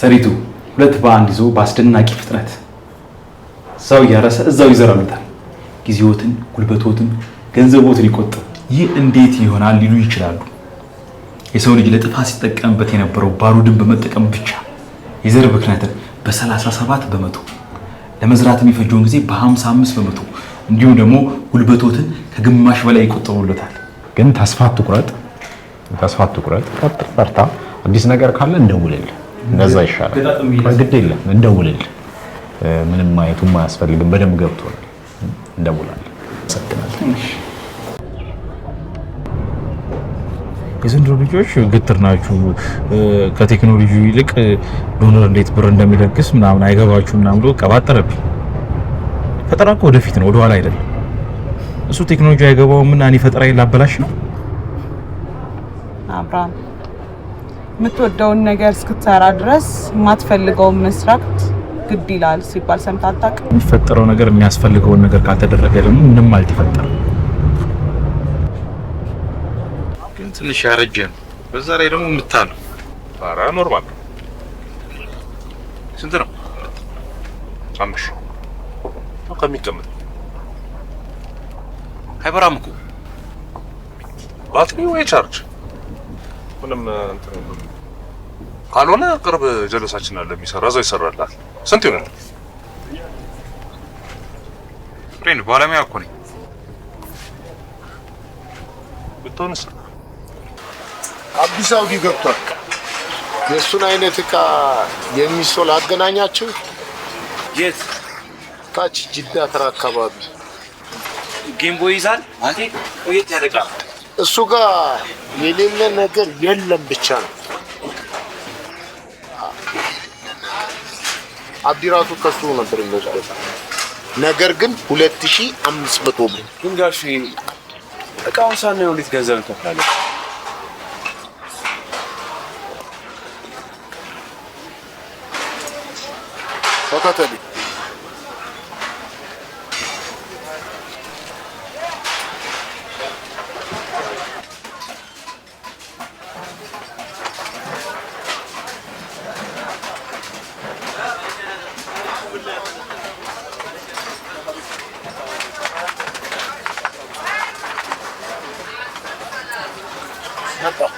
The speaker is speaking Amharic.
ሰሪቱ ሁለት በአንድ ይዞ በአስደናቂ ፍጥነት ሰው እያረሰ እዛው ይዘራሉታል። ጊዜዎትን፣ ጉልበቶትን፣ ገንዘቦትን ይቆጥብ። ይህ እንዴት ይሆናል ሊሉ ይችላሉ። የሰው ልጅ ለጥፋት ሲጠቀምበት የነበረው ባሩድን በመጠቀም ብቻ የዘር ብክነትን በ37 በመቶ ለመዝራት የሚፈጀውን ጊዜ በ55 በመቶ እንዲሁም ደግሞ ጉልበቶትን ከግማሽ በላይ ይቆጠሩለታል። ግን ተስፋ አትቁረጥ፣ ተስፋ አትቁረጥ። ቀጥል፣ በርታ። አዲስ ነገር ካለ እንደውልል እንደዛ ይሻላል። ግድ የለም እንደውልል ምንም ማየቱም አያስፈልግም። በደንብ ገብቶናል። እንደውላል። የዘንድሮ ልጆች ግትር ናችሁ። ከቴክኖሎጂ ይልቅ ዶነር እንዴት ብር እንደሚለግስ ምናምን አይገባችሁ ምናምን ብሎ ቀባጠረብኝ። ፈጠራ እኮ ወደፊት ነው ወደኋላ አይደለም። እሱ ቴክኖሎጂ አይገባውም እና እኔ ፈጠራዬን ላበላሽ ነው አብርሃም የምትወደውን ነገር እስክትሰራ ድረስ የማትፈልገውን መስራት ግድ ይላል ሲባል ሰምተህ አታውቅም? የሚፈጠረው ነገር የሚያስፈልገውን ነገር ካልተደረገ ደግሞ ምንም አልተፈጠረም። ግን ትንሽ ያረጀ ነው። በዛ ላይ ደግሞ የምታለው ኧረ ኖርማል ነው። ስንት ነው? አምሽ ከሚቀመጥ አይበራም እኮ ባትሪ ወይ ቻርጅ ምንም እንትን ካልሆነ ቅርብ ጀለሳችን አለ የሚሰራ እዛው ይሰራላል። ስንት ይሆናል? ፍሬንድ ባለሙያ እኮ ነኝ ብትሆንስ። አዲስ አውዲ ገብቷል። የእሱን አይነት እቃ የሚሶል አገናኛችሁ። የት ታች ጅዳ ተራ አካባቢ ጌምቦይ ይዛል። አንቴ ቆየት ያደቃል እሱ ጋር የሌለ ነገር የለም ብቻ ነው። አብዲራቱ ከሱ ነበር የሚወስደው ነገር ግን 2500 ብር ግን ጋሽ እቃውን ሳናየው እንዴት ገንዘብ እንከፍላለን? ተከተል なんか